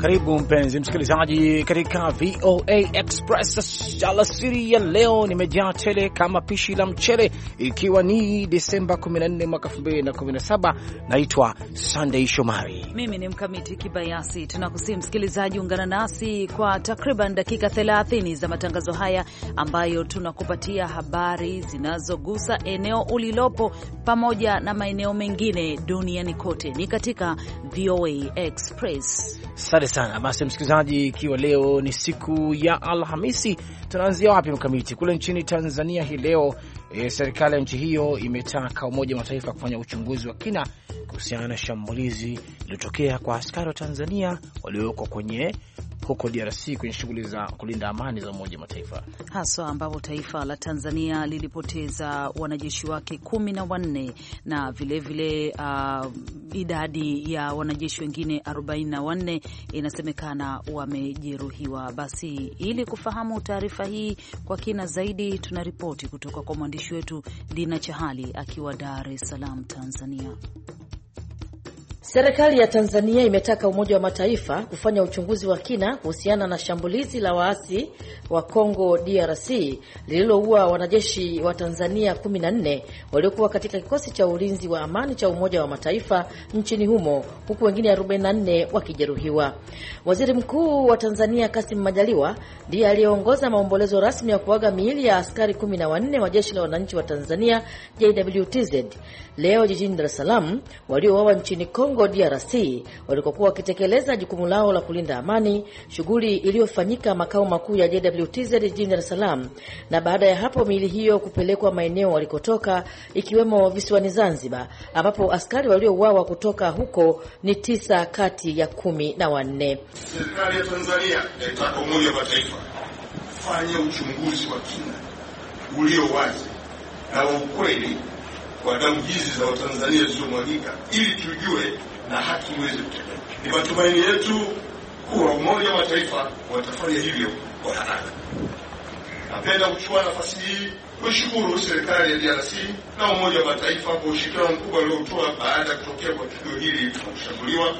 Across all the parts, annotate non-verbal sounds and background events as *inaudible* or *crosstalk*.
Karibu mpenzi msikilizaji katika VOA Express alasiri ya leo. Nimejaa tele kama pishi la mchele, ikiwa ni Desemba 14 mwaka 2017. Naitwa Sunday Shomari, mimi ni Mkamiti Kibayasi. Tunakusii msikilizaji, ungana nasi kwa takriban dakika 30 za matangazo haya ambayo tunakupatia habari zinazogusa eneo ulilopo pamoja na maeneo mengine duniani kote. Ni katika VOA Express. Sare sana. Basi msikilizaji, ikiwa leo ni siku ya Alhamisi, tunaanzia wapi mkamiti? Kule nchini Tanzania hii leo e, serikali ya nchi hiyo imetaka Umoja wa Mataifa kufanya uchunguzi wa kina kuhusiana na shambulizi lililotokea kwa askari wa Tanzania waliowekwa kwenye huko DRC kwenye shughuli za kulinda amani za Umoja wa Mataifa, haswa ambapo taifa la Tanzania lilipoteza wanajeshi wake kumi na wanne na vilevile uh, idadi ya wanajeshi wengine 44 inasemekana wamejeruhiwa. Basi ili kufahamu taarifa hii kwa kina zaidi, tuna ripoti kutoka kwa mwandishi wetu Dina Chahali akiwa Dar es Salaam, Tanzania. Serikali ya Tanzania imetaka Umoja wa Mataifa kufanya uchunguzi wa kina kuhusiana na shambulizi la waasi wa Congo DRC lililoua wanajeshi wa Tanzania 14 waliokuwa katika kikosi cha ulinzi wa amani cha Umoja wa Mataifa nchini humo huku wengine 44 wakijeruhiwa. Waziri Mkuu wa Tanzania Kassim Majaliwa ndiye aliyeongoza maombolezo rasmi ya kuaga miili ya askari 14 wa Jeshi la Wananchi wa Tanzania JWTZ leo jijini Dar es Salaam waliouawa nchini Kongo Kongo DRC walikokuwa wakitekeleza jukumu lao la kulinda amani, shughuli iliyofanyika makao makuu ya JWTZ jijini Dar es Salaam, na baada ya hapo miili hiyo kupelekwa maeneo walikotoka ikiwemo visiwani Zanzibar, ambapo askari waliouawa kutoka huko ni tisa kati ya kumi na wanne. Serikali ya Tanzania yaitaka Umoja wa Mataifa fanya uchunguzi wa kina ulio wazi na wa ukweli kwa damu hizi za Watanzania zilizomwagika ili tujue na haki iweze kutendeka. Ni matumaini yetu kuwa Umoja wa Mataifa watafanya hivyo kwa haraka. Napenda kuchukua nafasi hii kushukuru serikali ya DRC na Umoja wa Mataifa kwa ushirikiano mkubwa uliotoa baada ya kutokea kwa tukio hili la kushambuliwa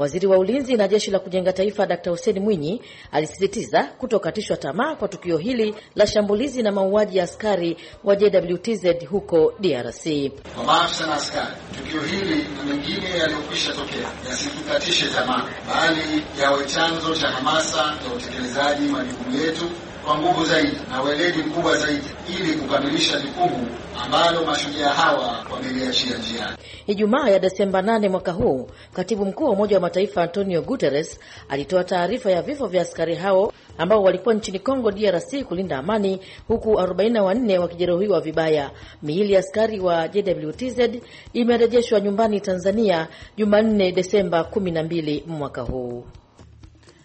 Waziri wa Ulinzi na Jeshi la Kujenga Taifa Dkt. Hussein Mwinyi alisisitiza kutokatishwa tamaa kwa tukio hili la shambulizi na mauaji ya askari wa JWTZ huko DRC. Kwa maafisa na askari, tukio hili na mengine yaliyokwisha tokea yasitukatishe tamaa, bali yawe chanzo cha hamasa ya utekelezaji majukumu yetu kwa nguvu zaidi na weledi mkubwa zaidi ili kukamilisha jukumu ambalo mashujaa hawa wameliachia njiani. Ijumaa ya Desemba 8 mwaka huu, katibu mkuu wa Umoja wa Mataifa Antonio Guterres alitoa taarifa ya vifo vya askari hao ambao walikuwa nchini Kongo DRC kulinda amani, huku 44 wakijeruhiwa vibaya. Miili ya askari wa JWTZ imerejeshwa nyumbani Tanzania Jumanne Desemba 12 mwaka huu.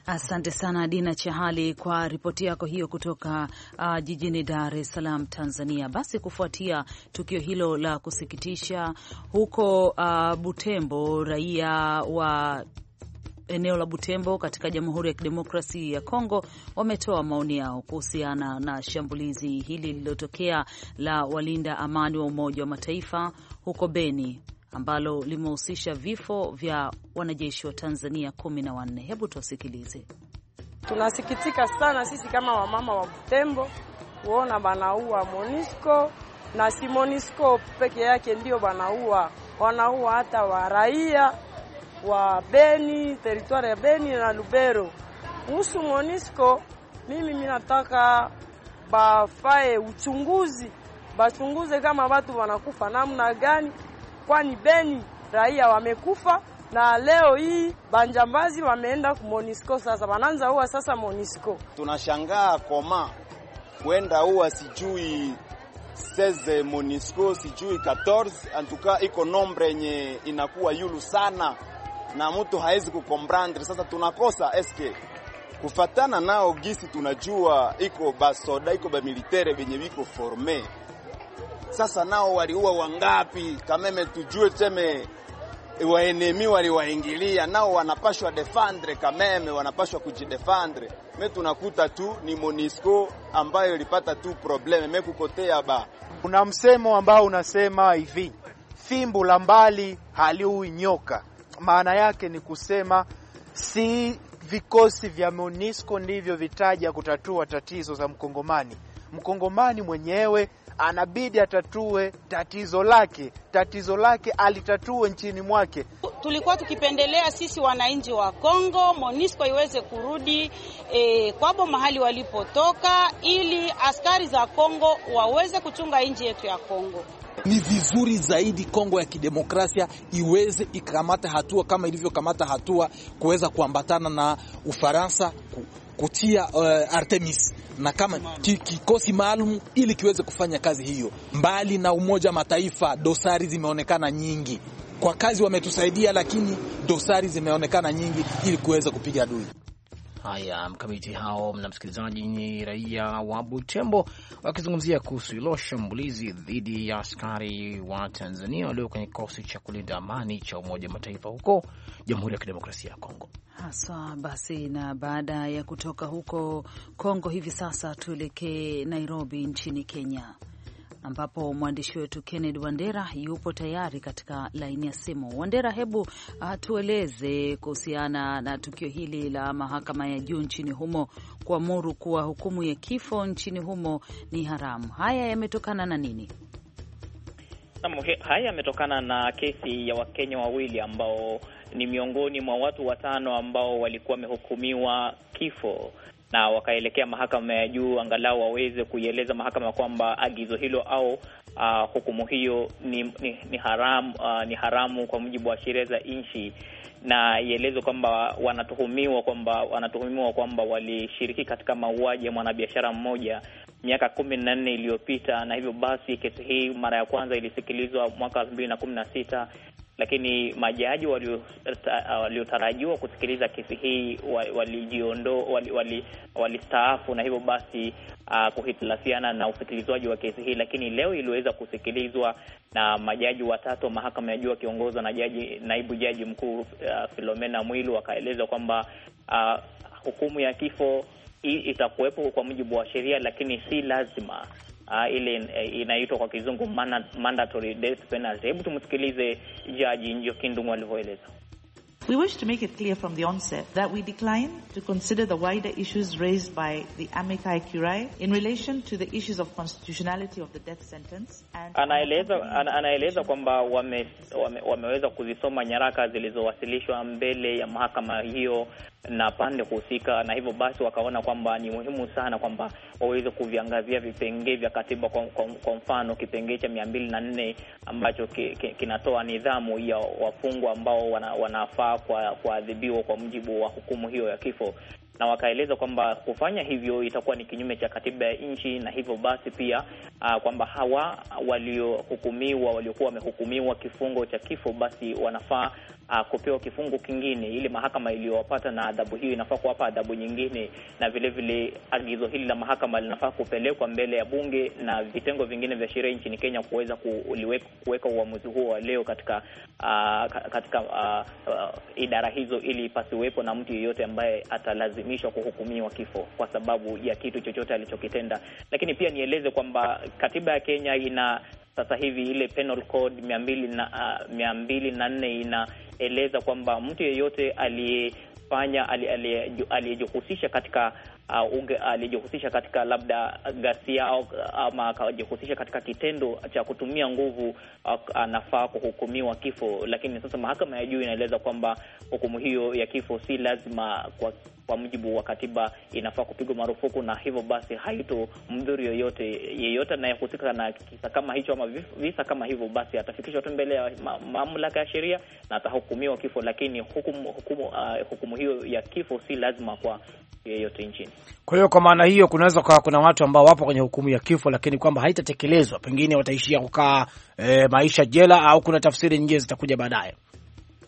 Asante sana Dina Chahali kwa ripoti yako hiyo kutoka uh, jijini Dar es Salaam, Tanzania. Basi kufuatia tukio hilo la kusikitisha huko uh, Butembo, raia wa eneo la Butembo katika Jamhuri ya Kidemokrasi ya Kongo wametoa maoni yao kuhusiana na shambulizi hili lililotokea la walinda amani wa Umoja wa Mataifa huko Beni ambalo limehusisha vifo vya wanajeshi wa Tanzania kumi na wanne. Hebu tuwasikilize. Tunasikitika sana sisi kama wamama wa Butembo kuona banaua Monisco na si Monisco peke yake ndio banaua, wanaua hata wa raia wa Beni, teritwari ya Beni na Lubero. Kuhusu Monisco, mimi minataka bafae uchunguzi, bachunguze kama watu wanakufa namna gani kwani Beni raia wamekufa na leo hii banjambazi wameenda ku Monisco. Sasa wananza huwa sasa Monisco, tunashangaa koma kwenda huwa sijui 16 Monisco sijui 14 antuka iko nombre yenye inakuwa yulu sana na mtu hawezi kukomprendre. Sasa tunakosa SK kufatana nao gisi tunajua iko basoda iko bamilitere venye viko forme sasa nao waliua wangapi? Kameme tujue teme eh, waenemi waliwaingilia, nao wanapashwa defendre kameme, wanapashwa kujidefendre. Me tunakuta tu ni Monisco ambayo ilipata tu probleme me kukotea ba. Kuna msemo ambao unasema hivi, fimbo la mbali haliui nyoka. Maana yake ni kusema si vikosi vya Monisco ndivyo vitaja kutatua tatizo za mkongomani. Mkongomani mwenyewe anabidi atatue tatizo lake, tatizo lake alitatue nchini mwake. Tulikuwa tukipendelea sisi wananchi wa Kongo MONUSCO iweze kurudi e, kwabo mahali walipotoka, ili askari za Kongo waweze kuchunga nchi yetu ya Kongo. Ni vizuri zaidi Kongo ya kidemokrasia iweze ikamata hatua kama ilivyokamata hatua kuweza kuambatana na Ufaransa kutia uh, Artemis na kama kikosi maalum ili kiweze kufanya kazi hiyo. Mbali na Umoja Mataifa, dosari zimeonekana nyingi kwa kazi wametusaidia, lakini dosari zimeonekana nyingi ili kuweza kupiga adui. Haya, mkamiti hao na msikilizaji, ni raia wa Butembo wakizungumzia kuhusu hilo shambulizi dhidi ya askari wa Tanzania walio kwenye kikosi cha kulinda amani cha Umoja Mataifa huko Jamhuri ya Kidemokrasia ya Kongo haswa. Basi, na baada ya kutoka huko Kongo, hivi sasa tuelekee Nairobi nchini Kenya ambapo mwandishi wetu kenned Wandera yupo tayari katika laini ya simu. Wandera, hebu ah, tueleze kuhusiana na tukio hili la mahakama ya juu nchini humo kuamuru kuwa hukumu ya kifo nchini humo ni haramu. Haya yametokana na nini? Haya yametokana na kesi ya Wakenya wawili ambao ni miongoni mwa watu watano ambao walikuwa wamehukumiwa kifo na wakaelekea mahakama ya juu angalau waweze kuieleza mahakama kwamba agizo hilo au uh, hukumu hiyo ni, ni, ni haramu uh, ah, ni haramu kwa mujibu wa sheria za nchi, na ielezwe kwamba wanatuhumiwa kwamba wanatuhumiwa kwamba walishiriki katika mauaji ya mwanabiashara mmoja miaka kumi na nne iliyopita, na hivyo basi kesi hii mara ya kwanza ilisikilizwa mwaka elfu mbili na kumi na sita lakini majaji uh, waliotarajiwa uh, kusikiliza kesi hii walijiondoa, walistaafu wali, wali na hivyo basi uh, kuhitilafiana na usikilizwaji wa kesi hii, lakini leo iliweza kusikilizwa na majaji watatu wa mahakama ya juu wakiongozwa na jaji, naibu jaji mkuu uh, Filomena Mwilu, wakaeleza kwamba uh, hukumu ya kifo itakuwepo kwa mujibu wa sheria, lakini si lazima uh, ile uh, inaitwa kwa kizungu mandatory death penalty. Hebu tumsikilize Jaji Njoki Ndung'u alivyoeleza. We wish to make it clear from the onset that we decline to consider the wider issues raised by the amici curiae in relation to the issues of constitutionality of the death sentence and anaeleza anaeleza kwamba wame, wame, wameweza kuzisoma nyaraka zilizowasilishwa mbele ya mahakama hiyo na pande husika, na hivyo basi wakaona kwamba ni muhimu sana kwamba waweze kuviangazia vipengee vya katiba. Kwa, kwa, kwa mfano kipengee cha mia mbili na nne ambacho ki, ki, kinatoa nidhamu ya wafungwa ambao wanafaa kuadhibiwa kwa, kwa mujibu wa hukumu hiyo ya kifo na wakaeleza kwamba kufanya hivyo itakuwa ni kinyume cha katiba ya nchi, na hivyo basi pia uh, kwamba hawa waliohukumiwa waliokuwa wamehukumiwa kifungo cha kifo basi wanafaa uh, kupewa kifungo kingine. Ile mahakama iliyowapata na adhabu hiyo inafaa kuwapa adhabu nyingine, na vilevile agizo hili la mahakama linafaa kupelekwa mbele ya bunge na vitengo vingine vya sheria nchini Kenya kuweza kuweka uamuzi huo wa leo katika uh, katika uh, uh, idara hizo ili pasiwepo na mtu yeyote ambaye atalazimika kulazimishwa kuhukumiwa kifo kwa sababu ya kitu chochote alichokitenda. Lakini pia nieleze kwamba katiba ya Kenya ina sasa hivi ile penal code mia mbili na uh, mia mbili na nne inaeleza kwamba mtu yeyote aliyefanya aliyejihusisha katika uh, aliyejihusisha katika labda ghasia au ama akajihusisha katika kitendo cha kutumia nguvu ah, anafaa kuhukumiwa kifo. Lakini sasa mahakama ya juu inaeleza kwamba hukumu hiyo ya kifo si lazima kwa kwa mujibu wa katiba inafaa kupigwa marufuku, na hivyo basi haito mdhuri yoyote yeyote anayehusika na kisa kama hicho ama visa kama hivyo, basi atafikishwa tu mbele ya mamlaka ya sheria na atahukumiwa kifo. Lakini hukumu, hukumu, uh, hukumu hiyo ya kifo si lazima kwa yeyote nchini. Kwa hiyo kwa maana hiyo kunaweza kuwa kuna watu ambao wapo kwenye hukumu ya kifo, lakini kwamba haitatekelezwa, pengine wataishia kukaa e, maisha jela, au kuna tafsiri nyingine zitakuja baadaye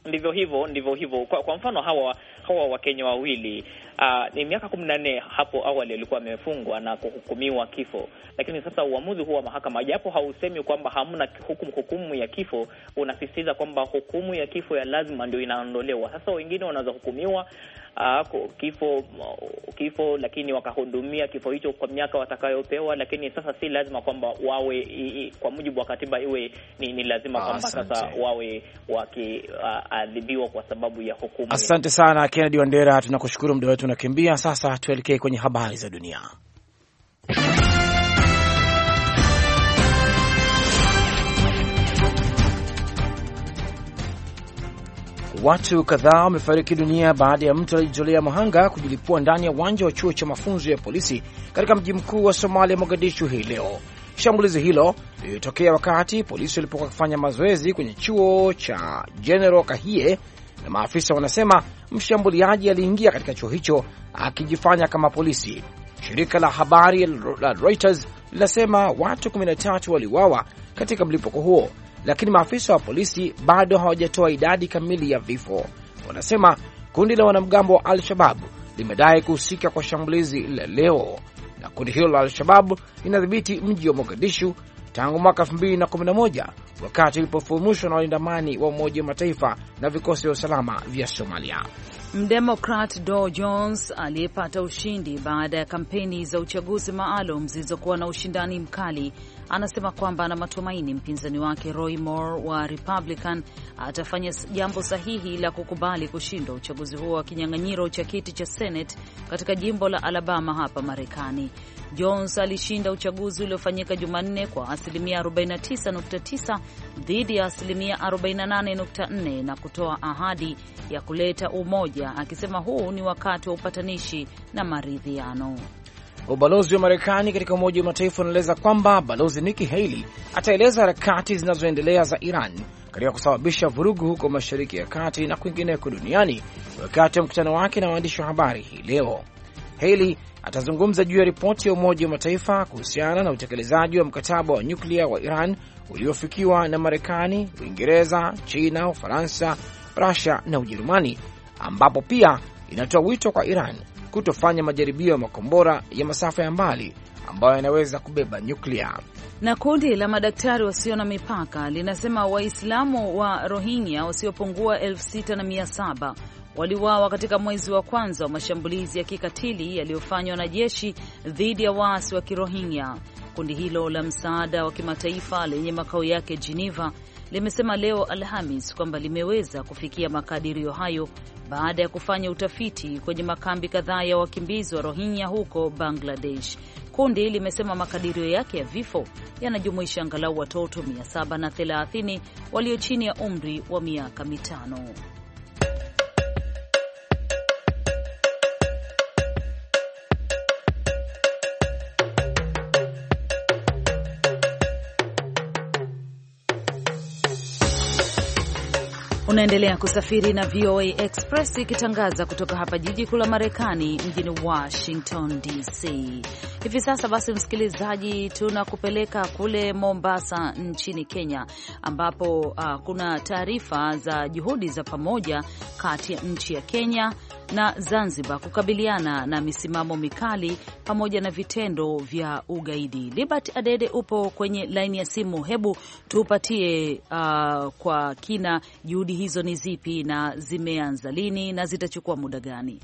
ndivyo hivyo, ndivyo hivyo. Kwa, kwa mfano hawa hawa Wakenya wawili Ah, ni miaka kumi na nne hapo awali alikuwa amefungwa na kuhukumiwa kifo, lakini sasa uamuzi huu wa mahakama, japo hausemi kwamba hamna hukumu, hukumu ya kifo, unasisitiza kwamba hukumu ya kifo ya lazima ndio inaondolewa. Sasa wengine wanaweza hukumiwa ah, kifo kifo, lakini wakahudumia kifo hicho kwa miaka watakayopewa, lakini sasa si lazima kwamba wawe i, i, kwa mujibu wa katiba iwe ni, ni lazima kwamba sasa wawe wakiadhibiwa ah, kwa sababu ya hukumu. Asante sana Kennedy Wandera, tunakushukuru muda wetu tunakimbia sasa, tuelekee kwenye habari za dunia. Watu kadhaa wamefariki dunia baada ya mtu aliyejitolea mhanga kujilipua ndani ya uwanja wa chuo cha mafunzo ya polisi katika mji mkuu wa Somalia, Mogadishu, hii leo. Shambulizi hilo lilitokea wakati polisi walipokuwa wakifanya mazoezi kwenye chuo cha General Kahie na maafisa wanasema mshambuliaji aliingia katika chuo hicho akijifanya kama polisi. Shirika la habari la Reuters linasema watu 13 waliuawa katika mlipuko huo, lakini maafisa wa polisi bado hawajatoa idadi kamili ya vifo. Wanasema kundi la wanamgambo wa Al-Shababu limedai kuhusika kwa shambulizi la leo, na kundi hilo la Al-Shababu linadhibiti mji wa Mogadishu tangu mwaka 2011 wakati ulipofumushwa na walindamani wa Umoja wa Mataifa na vikosi vya usalama vya Somalia. Mdemokrat Dow Jones aliyepata ushindi baada ya kampeni za uchaguzi maalum zilizokuwa na ushindani mkali anasema kwamba ana matumaini mpinzani wake Roy Moore wa Republican atafanya jambo sahihi la kukubali kushindwa uchaguzi huo wa kinyang'anyiro cha kiti cha Senate katika jimbo la Alabama hapa Marekani. Jones alishinda uchaguzi uliofanyika Jumanne kwa asilimia 49.9 dhidi ya asilimia 48.4 na kutoa ahadi ya kuleta umoja, akisema huu ni wakati wa upatanishi na maridhiano. Ubalozi wa Marekani katika Umoja wa Mataifa unaeleza kwamba Balozi Nikki Haley ataeleza harakati zinazoendelea za Iran katika kusababisha vurugu huko Mashariki ya Kati na kwingineko duniani wakati wa mkutano wake na waandishi wa habari hii leo. Haley atazungumza juu ya ripoti ya Umoja wa Mataifa kuhusiana na utekelezaji wa mkataba wa nyuklia wa Iran uliofikiwa na Marekani, Uingereza, China, Ufaransa, Rusia na Ujerumani, ambapo pia inatoa wito kwa Iran kutofanya majaribio ya makombora ya masafa ya mbali ambayo yanaweza kubeba nyuklia. Na kundi la madaktari wasio na mipaka linasema Waislamu wa Rohingya wasiopungua elfu sita na mia saba waliuawa katika mwezi wa kwanza wa mashambulizi ya kikatili yaliyofanywa na jeshi dhidi ya waasi wa Kirohingya. Kundi hilo la msaada wa kimataifa lenye makao yake Geneva limesema leo Alhamis kwamba limeweza kufikia makadirio hayo baada ya kufanya utafiti kwenye makambi kadhaa ya wakimbizi wa Rohingya huko Bangladesh. Kundi limesema makadirio yake ya vifo yanajumuisha angalau watoto 730 walio chini ya umri wa miaka mitano. Unaendelea kusafiri na VOA Express ikitangaza kutoka hapa jiji kuu la Marekani, mjini Washington DC. Hivi sasa basi, msikilizaji, tunakupeleka kule Mombasa nchini Kenya, ambapo uh, kuna taarifa za juhudi za pamoja kati ya nchi ya Kenya na Zanzibar kukabiliana na misimamo mikali pamoja na vitendo vya ugaidi. Libert Adede upo kwenye laini ya simu, hebu tupatie uh, kwa kina, juhudi hizo ni zipi na zimeanza lini na zitachukua muda gani?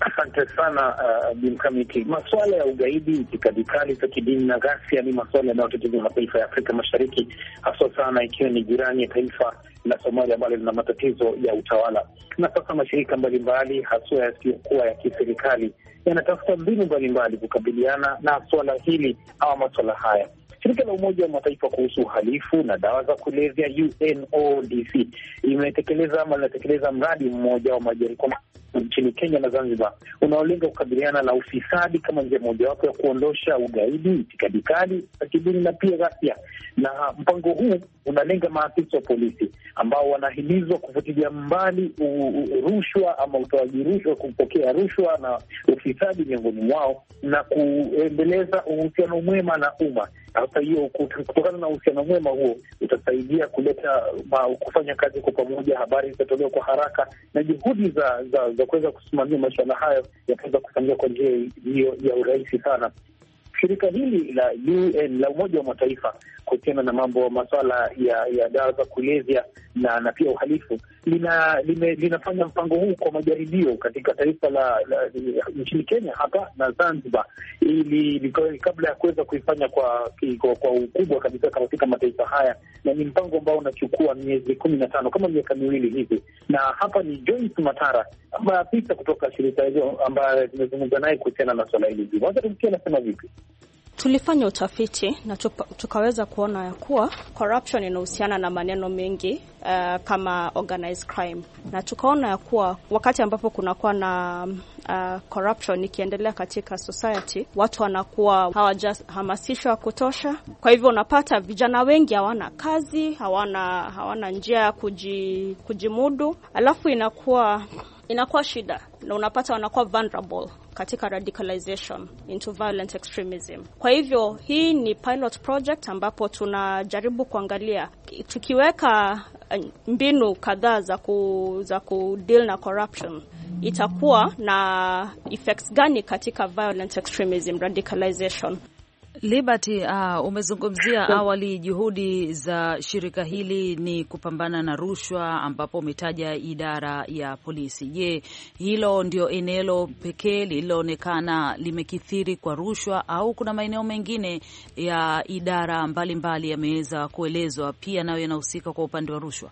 Asante sana uh, Bimkamiti. Masuala ya ugaidi, itikadi kali za kidini na ghasia ni masuala yanayotetezewa mataifa ya Afrika Mashariki, haswa sana ikiwa ni jirani ya taifa la Somalia ambalo lina matatizo ya utawala. Na sasa mashirika mbalimbali haswa yasiyokuwa ya kiserikali yanatafuta mbinu mbalimbali kukabiliana na swala hili ama maswala haya. Shirika la Umoja wa Mataifa kuhusu uhalifu na dawa za kulevya UNODC imetekeleza ama linatekeleza mradi mmoja wa majaribio nchini Kenya na Zanzibar unaolenga kukabiliana na ufisadi kama njia mojawapo ya kuondosha ugaidi, itikadi kali za kidini na pia ghasia. Na mpango huu unalenga maafisa wa polisi ambao wanahimizwa kufutilia mbali rushwa ama utoaji rushwa, kupokea rushwa na ufisadi miongoni mwao na kuendeleza uhusiano mwema na umma. Sasa hiyo, kutokana na uhusiano mwema huo utasaidia kuleta kufanya kazi kwa pamoja, habari zitatolewa kwa haraka na juhudi za, za za kuweza kusimamia masuala hayo yataweza kufanyika kwa njia hiyo ya urahisi sana. Shirika hili la UN la Umoja wa Mataifa kuhusiana na mambo masuala ya, ya dawa za kulevya na na pia uhalifu lina, lime, linafanya mpango huu kwa majaribio katika taifa la, la nchini Kenya hapa na Zanzibar, ili kabla ya kuweza kuifanya kwa, kwa, kwa ukubwa kabisa katika mataifa haya, na ni mpango ambao unachukua miezi kumi na tano kama miaka miwili hivi, na hapa ni Joyce Matara maafisa kutoka shirika hizo ambaye tumezungumza naye kuhusiana na swala hili zima. Sasa anasema vipi. Tulifanya utafiti na tukaweza kuona ya kuwa corruption inahusiana na maneno mengi uh, kama organized crime, na tukaona ya kuwa wakati ambapo kunakuwa na uh, corruption ikiendelea katika society, watu wanakuwa hawajahamasishwa kutosha. Kwa hivyo unapata vijana wengi hawana kazi, hawana hawana njia ya kuji, kujimudu, alafu inakuwa inakuwa shida na unapata wanakuwa vulnerable katika radicalization into violent extremism. Kwa hivyo hii ni pilot project ambapo tunajaribu kuangalia tukiweka eh, mbinu kadhaa za ku, za ku deal na corruption itakuwa na effects gani katika violent extremism radicalization. Liberty, uh, umezungumzia awali juhudi za shirika hili ni kupambana na rushwa, ambapo umetaja idara ya polisi. Je, hilo ndio eneo pekee lililoonekana limekithiri kwa rushwa au kuna maeneo mengine ya idara mbalimbali yameweza kuelezwa pia nayo yanahusika kwa upande wa rushwa?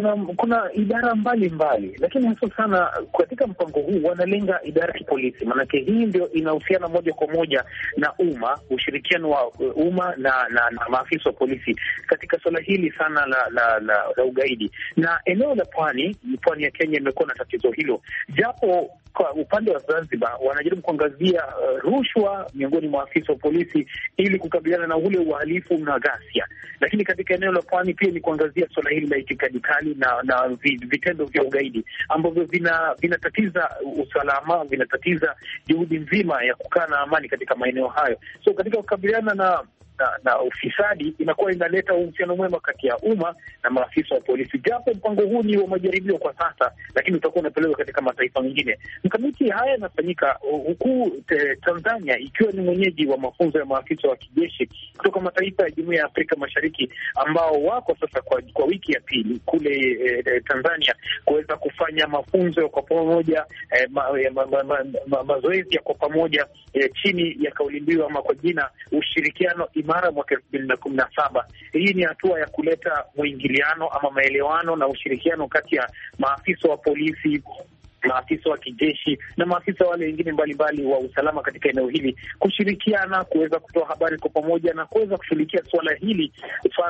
kuna kuna idara mbalimbali mbali, lakini hasa sana katika mpango huu wanalenga idara ya polisi, maanake hii ndio inahusiana moja kwa moja na umma, ushirikiano wa uh, umma na, na, na maafisa wa polisi katika suala hili sana la, la, la, la ugaidi. Na eneo la pwani, pwani ya Kenya imekuwa na tatizo hilo, japo kwa upande wa Zanzibar wanajaribu kuangazia uh, rushwa miongoni mwa afisa wa polisi ili kukabiliana na ule uhalifu na ghasia, lakini katika eneo la pwani pia ni kuangazia suala hili la itikadi kali na na vitendo vya ugaidi ambavyo vinatatiza usalama, vinatatiza juhudi nzima ya kukaa na amani katika maeneo hayo. So katika kukabiliana na na, na ufisadi inakuwa inaleta uhusiano mwema kati ya umma na maafisa wa polisi, japo mpango huu ni wa majaribio kwa sasa, lakini utakuwa unapelekwa katika mataifa mengine. Mkamiti, haya yanafanyika huku Tanzania ikiwa ni mwenyeji wa mafunzo ya maafisa wa kijeshi kutoka mataifa ya Jumuiya ya Afrika Mashariki ambao wako sasa kwa, kwa wiki ya pili kule eh, eh Tanzania kuweza kufanya mafunzo kwa pamoja eh, ma, ma, ma, ma, ma, mazoezi ya kwa pamoja eh, chini ya kauli mbiu ama kwa jina ushirikiano Imara mwaka elfu mbili na kumi na saba. Hii ni hatua ya kuleta mwingiliano ama maelewano na ushirikiano kati ya maafisa wa polisi maafisa wa kijeshi na maafisa wale wengine mbalimbali wa usalama katika eneo hili kushirikiana kuweza kutoa habari kwa pamoja na kuweza kushughulikia suala hili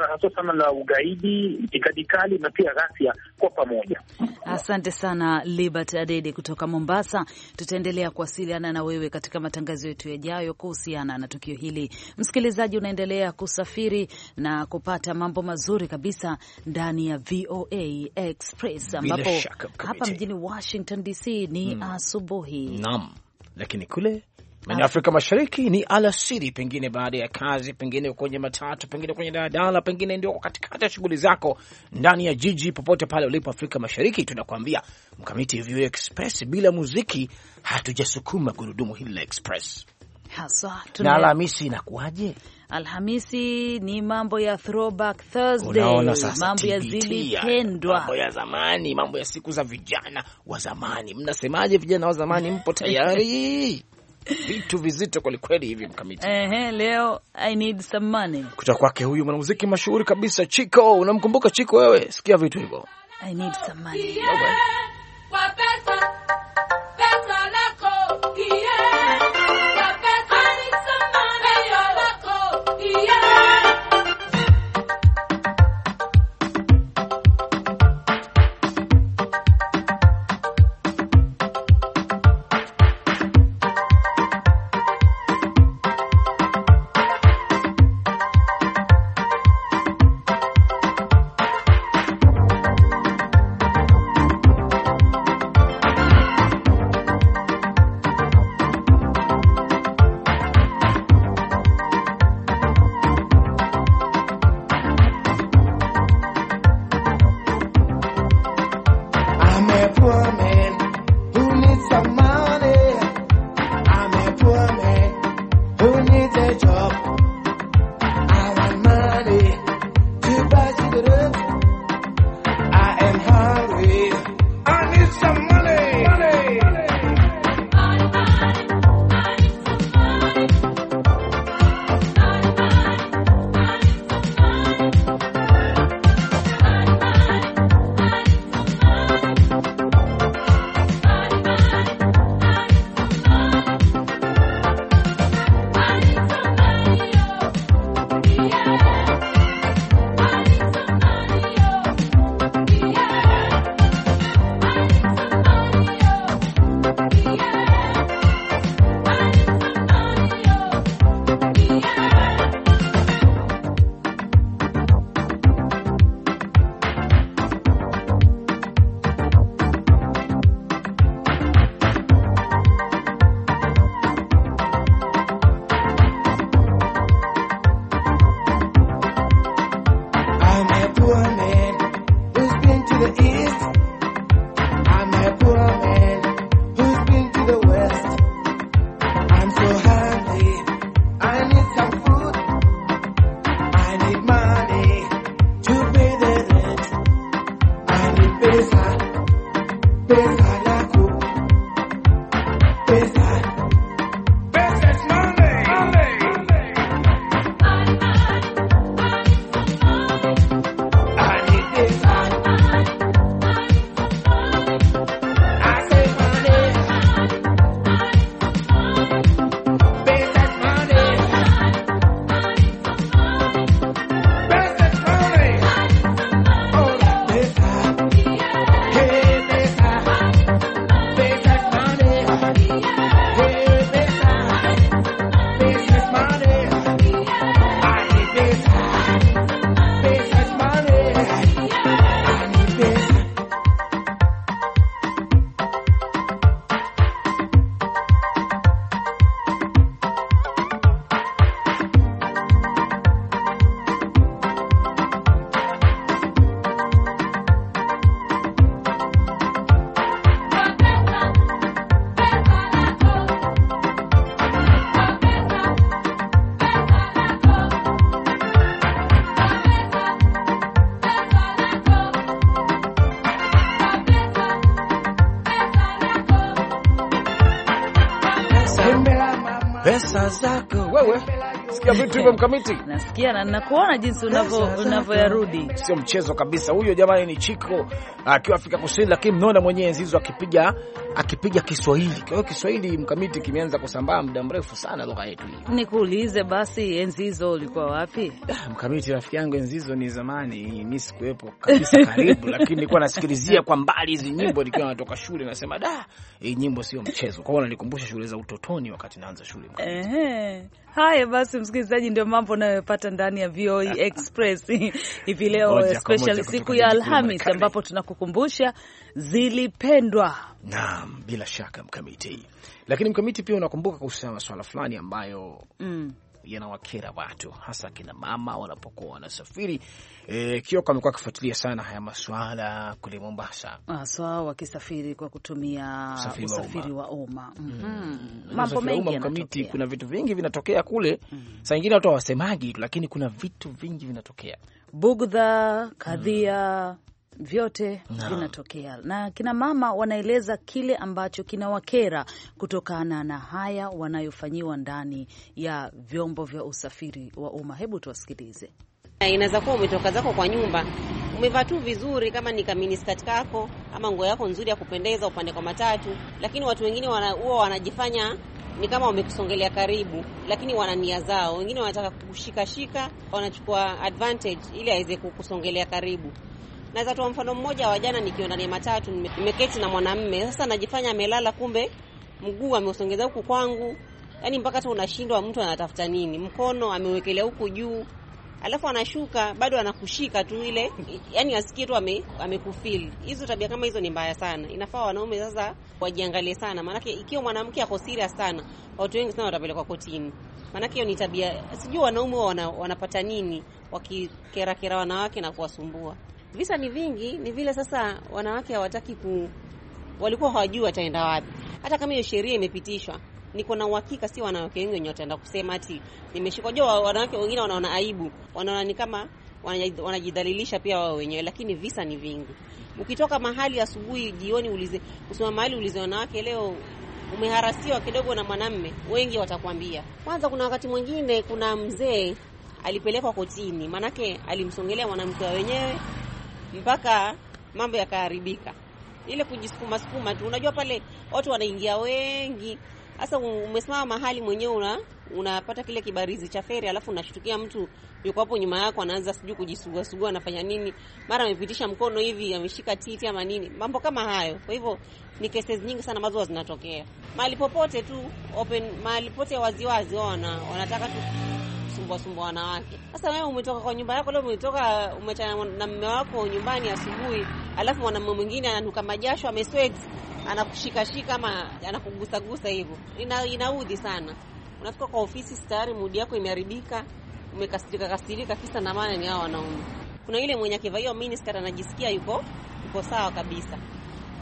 haswa sana la ugaidi, itikadi kali na pia ghasia kwa pamoja. Asante sana Libert Adede kutoka Mombasa. Tutaendelea kuwasiliana na wewe katika matangazo yetu yajayo kuhusiana na tukio hili. Msikilizaji, unaendelea kusafiri na kupata mambo mazuri kabisa ndani ya VOA Express ambapo hapa mjini Washington Washington DC ni hmm, asubuhi. Naam, lakini kule na ah. Afrika Mashariki ni alasiri, pengine baada ya kazi, pengine kwenye matatu, pengine kwenye daladala, pengine ndio katikati ya shughuli zako ndani ya jiji, popote pale ulipo Afrika Mashariki, tunakuambia mkamiti, VOA Express bila muziki hatujasukuma gurudumu hili la Express haswa tuna... na Alhamisi inakuwaje? Alhamisi ni mambo ya throwback Thursday, mambo ya zilipendwa, mambo ya zamani, mambo ya siku za vijana wa zamani. Mnasemaje vijana wa zamani, mpo tayari? *laughs* vitu vizito kwelikweli hivi mkamiti. Ehe, leo I need some money kutoka kwake huyu mwanamuziki mashuhuri kabisa Chiko. Unamkumbuka Chiko wewe? Sikia vitu hivyo I need some money. besas yako wewe sikia vitu hivyo mkamiti? Nasikia na nakuona jinsi unavyo unavyoyarudi. Sio mchezo kabisa. Huyo jamani ni Chiko akiwa Afrika Kusini, lakini mnaona mwenyewe Nzizo akipiga akipiga Kiswahili. Kwa hiyo Kiswahili mkamiti kimeanza kusambaa muda mrefu sana lugha yetu hii. Nikuulize basi Nzizo ulikuwa wapi? Ah, Mkamiti rafiki yangu Nzizo ni zamani mimi sikuwepo kabisa karibu, *laughs* lakini nilikuwa nasikilizia kwa mbali hizi nyimbo nikiwa natoka shule nasema da, hii nyimbo sio mchezo. Kwa hiyo nalikumbusha shule za utotoni wakati naanza shule mkamiti. Ehe. Haya basi, msikilizaji, ndio mambo unayopata ndani ya VOA e *laughs* Express hivi leo, special siku ya Alhamis ambapo tunakukumbusha zilipendwa. Naam, bila shaka mkamiti, lakini mkamiti pia unakumbuka kuhusiana na swala fulani ambayo mm yanawakera watu, hasa kina mama wanapokuwa wanasafiri. E, Kioko amekuwa akifuatilia sana haya maswala kule Mombasa, haswa wakisafiri kwa kutumia usafiri wa mm. mhm. umma. Mambo mengi yanatokea, kuna vitu vingi vinatokea kule. mm -hmm. Saa ingine watu hawasemaji, lakini kuna vitu vingi vinatokea, bugdha kadhia mm -hmm vyote no. vinatokea na kina mama wanaeleza kile ambacho kinawakera kutokana na haya wanayofanyiwa ndani ya vyombo vya usafiri wa umma. Hebu tuwasikilize. Inaweza kuwa umetoka zako kwa nyumba, umevaa tu vizuri, kama ni kaminiskati kako ama nguo yako nzuri ya kupendeza, upande kwa matatu, lakini watu wengine huwa wanajifanya ni kama wamekusongelea karibu, lakini wana nia zao. Wengine wanataka kushikashika wanachukua advantage ili aweze kukusongelea karibu. Naweza toa mfano mmoja wa jana, nikiwa ndani ya matatu, nimeketi na mwanamme, sasa najifanya amelala, kumbe mguu ameusongeza huku kwangu, yani mpaka hata unashindwa mtu anatafuta nini. Mkono amewekelea huku juu, alafu anashuka bado anakushika tu ile, yani asikie tu ame, amekufeel. Hizo tabia kama hizo ni mbaya sana, inafaa wanaume sasa wajiangalie sana, maanake ikiwa mwanamke ako serious sana, watu wengi sana watapelekwa kotini, maanake hiyo ni tabia. Sijui wanaume wanapata nini wakikerakera wanawake na kuwasumbua. Visa ni vingi, ni vile sasa wanawake hawataki ku, walikuwa hawajui wataenda wapi. Hata kama hiyo sheria imepitishwa, niko na uhakika si wanawake wengi wenye wataenda kusema ati nimeshikwa. Jua wanawake wengine wanaona aibu, wanaona ni kama wanajidhalilisha pia wao wenyewe, lakini visa ni vingi. Ukitoka mahali asubuhi, jioni, ulize usimama mahali ulize wanawake leo umeharasiwa kidogo na mwanamme, wengi watakwambia. Kwanza kuna wakati mwingine, kuna mzee alipelekwa kotini, maanake alimsongelea mwanamke wa wenyewe, mpaka mambo yakaharibika. Ile kujisukuma sukuma tu, unajua pale watu wanaingia wengi. Sasa umesimama mahali mwenyewe una unapata kile kibarizi cha feri, alafu unashtukia mtu yuko hapo nyuma yako, anaanza sijui kujisugua sugua, anafanya nini, mara amepitisha mkono hivi, ameshika titi ama nini, mambo kama hayo. Kwa hivyo ni cases nyingi sana ambazo zinatokea mahali popote tu open, mahali popote waziwazi, wana wanataka tu kusumbua sumbua wanawake. Sasa wewe umetoka kwa nyumba yako leo, umetoka umechana na mume wako nyumbani asubuhi, alafu mwanamume mwingine ananuka majasho, amesweat, anakushikashika ama anakugusagusa hivyo, ina, inaudhi sana. Unafika kwa ofisi tayari mudi yako imeharibika, umekasirika kasirika, kisa na maana ni hao wanaume. Kuna yule mwenye hiyo miniskirt anajisikia yuko yuko sawa kabisa.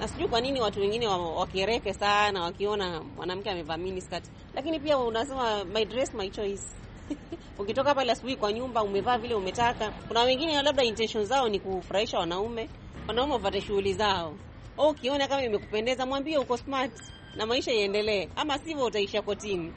Na sijui kwa nini watu wengine wakereke sana wakiona mwanamke amevaa miniskirt, lakini pia unasema my dress my choice. *laughs* ukitoka pale asubuhi kwa nyumba umevaa vile umetaka. Kuna wengine labda intention zao ni kufurahisha wanaume, wanaume wapate shughuli zao. Ukiona kama imekupendeza, mwambie uko smart na maisha iendelee, ama sivyo utaisha kotini. *laughs*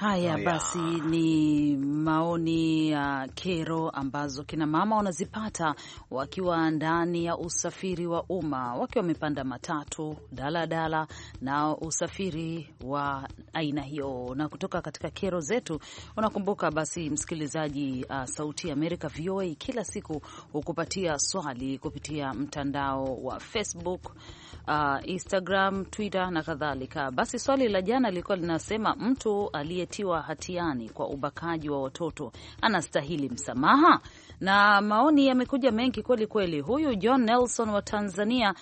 Haya oh, basi, ni maoni ya uh, kero ambazo kina mama wanazipata wakiwa ndani ya usafiri wa umma, wakiwa wamepanda matatu, daladala na usafiri wa aina hiyo. Na kutoka katika kero zetu, unakumbuka basi, msikilizaji, uh, Sauti ya Amerika VOA kila siku hukupatia swali kupitia mtandao wa Facebook uh, Instagram, Twitter na kadhalika. Basi swali la jana lilikuwa linasema mtu aliyetiwa hatiani kwa ubakaji wa watoto anastahili msamaha? na maoni yamekuja mengi kweli kweli. Huyu John Nelson wa Tanzania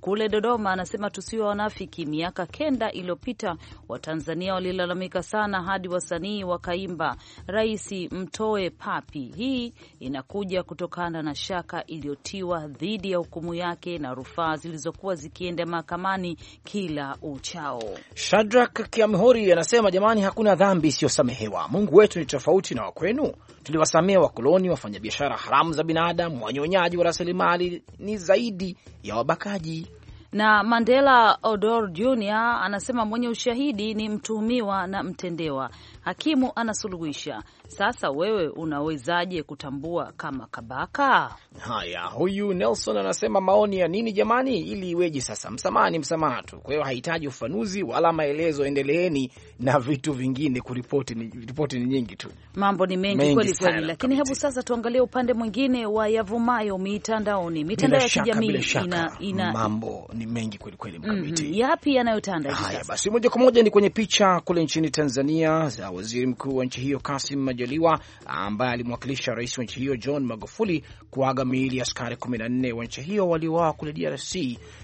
kule Dodoma anasema tusiwe wanafiki. Miaka kenda iliyopita Watanzania walilalamika sana hadi wasanii wakaimba rais mtoe papi. Hii inakuja kutokana na shaka iliyotiwa dhidi ya hukumu yake na rufaa zilizokuwa zikienda mahakamani kila uchao. Shadrak Kiamhori anasema jamani, hakuna dhambi isiyosamehewa. Mungu wetu ni tofauti na wakwenu tuliwasamea wakoloni, wafanyabiashara haramu za binadamu, wanyonyaji wa rasilimali, ni zaidi ya wabakaji. Na Mandela Odor Jr anasema mwenye ushahidi ni mtuhumiwa na mtendewa, hakimu anasuluhisha. Sasa wewe unawezaje kutambua kama kabaka? Haya, huyu Nelson anasema maoni ya nini jamani, ili iweje sasa? Msamaha ni msamaha tu, kwa hiyo hahitaji ufanuzi wala maelezo. Endeleeni na vitu vingine, kuripoti ni, ripoti ni nyingi tu, mambo ni mengi kweli kweli. Lakini hebu sasa tuangalie upande mwingine wa yavumayo mitandaoni, mitandao ya kijamii ina, ina, mambo ni mengi kweli kweli mm-hmm. mkamiti. Mm -hmm. Yapi yanayotanda hivi sasa? basi, moja kwa moja ni kwenye picha kule nchini Tanzania za waziri mkuu wa nchi hiyo Kasim Majaliwa Majaliwa ambaye alimwakilisha rais wa nchi hiyo John Magufuli kuaga miili ya askari 14 wa nchi hiyo waliouawa kule DRC.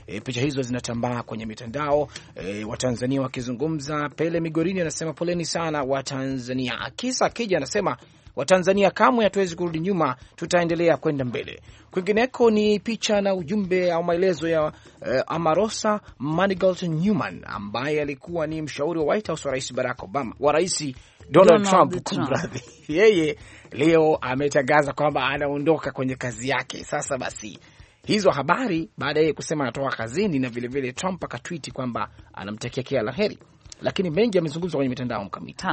E, picha hizo zinatambaa kwenye mitandao e, Watanzania wakizungumza. Pele Migorini anasema poleni sana Watanzania. Akisa Kija anasema Watanzania kamwe hatuwezi kurudi nyuma, tutaendelea kwenda mbele. Kwingineko ni picha na ujumbe au maelezo ya eh, Amarosa Manigault Newman ambaye alikuwa ni mshauri wa White House wa rais Barack Obama, wa rais Donald, Donald Trump, kumradhi, *laughs* yeye leo ametangaza kwamba anaondoka kwenye kazi yake. Sasa basi hizo habari baada yeye kusema anatoka kazini, na vilevile vile Trump akatwiti kwamba anamtakia kila la heri, lakini mengi yamezungumzwa kwenye mitandao mkamiti,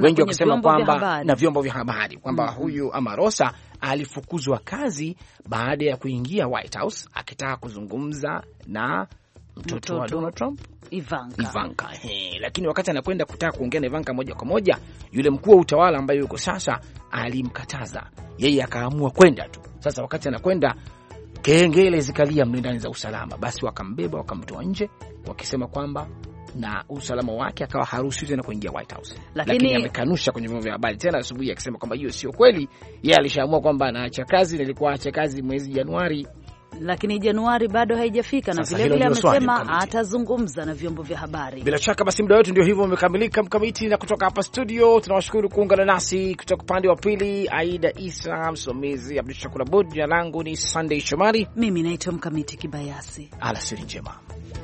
wengi wakisema kwamba na vyombo vya habari kwamba mm -hmm. huyu Amarosa alifukuzwa kazi baada ya kuingia White House akitaka kuzungumza na mtoto, mtoto wa Donald Trump Ivanka, Ivanka. He, lakini wakati anakwenda kutaka kuongea na Ivanka moja kwa moja, yule mkuu wa utawala ambaye yuko sasa alimkataza yeye, akaamua kwenda tu. Sasa wakati anakwenda kengele zikalia mlindani za usalama, basi wakambeba wakamtoa nje wakisema kwamba na usalama wake akawa haruhusiwi tena kuingia White House, lakini, amekanusha kwenye vyombo vya habari tena asubuhi akisema kwamba hiyo sio kweli. Yeye alishaamua kwamba anaacha kazi, nilikuwa acha kazi mwezi Januari lakini Januari bado haijafika, na vilevile amesema atazungumza na vyombo vya habari. Bila shaka basi, muda wetu ndio hivyo umekamilika, Mkamiti, na kutoka hapa studio tunawashukuru kuungana nasi kutoka upande wa pili, Aida Isa, msimamizi Abdu Shakur Abud. Jina langu ni Sunday Shomari, mimi naitwa Mkamiti Kibayasi. Alasiri njema.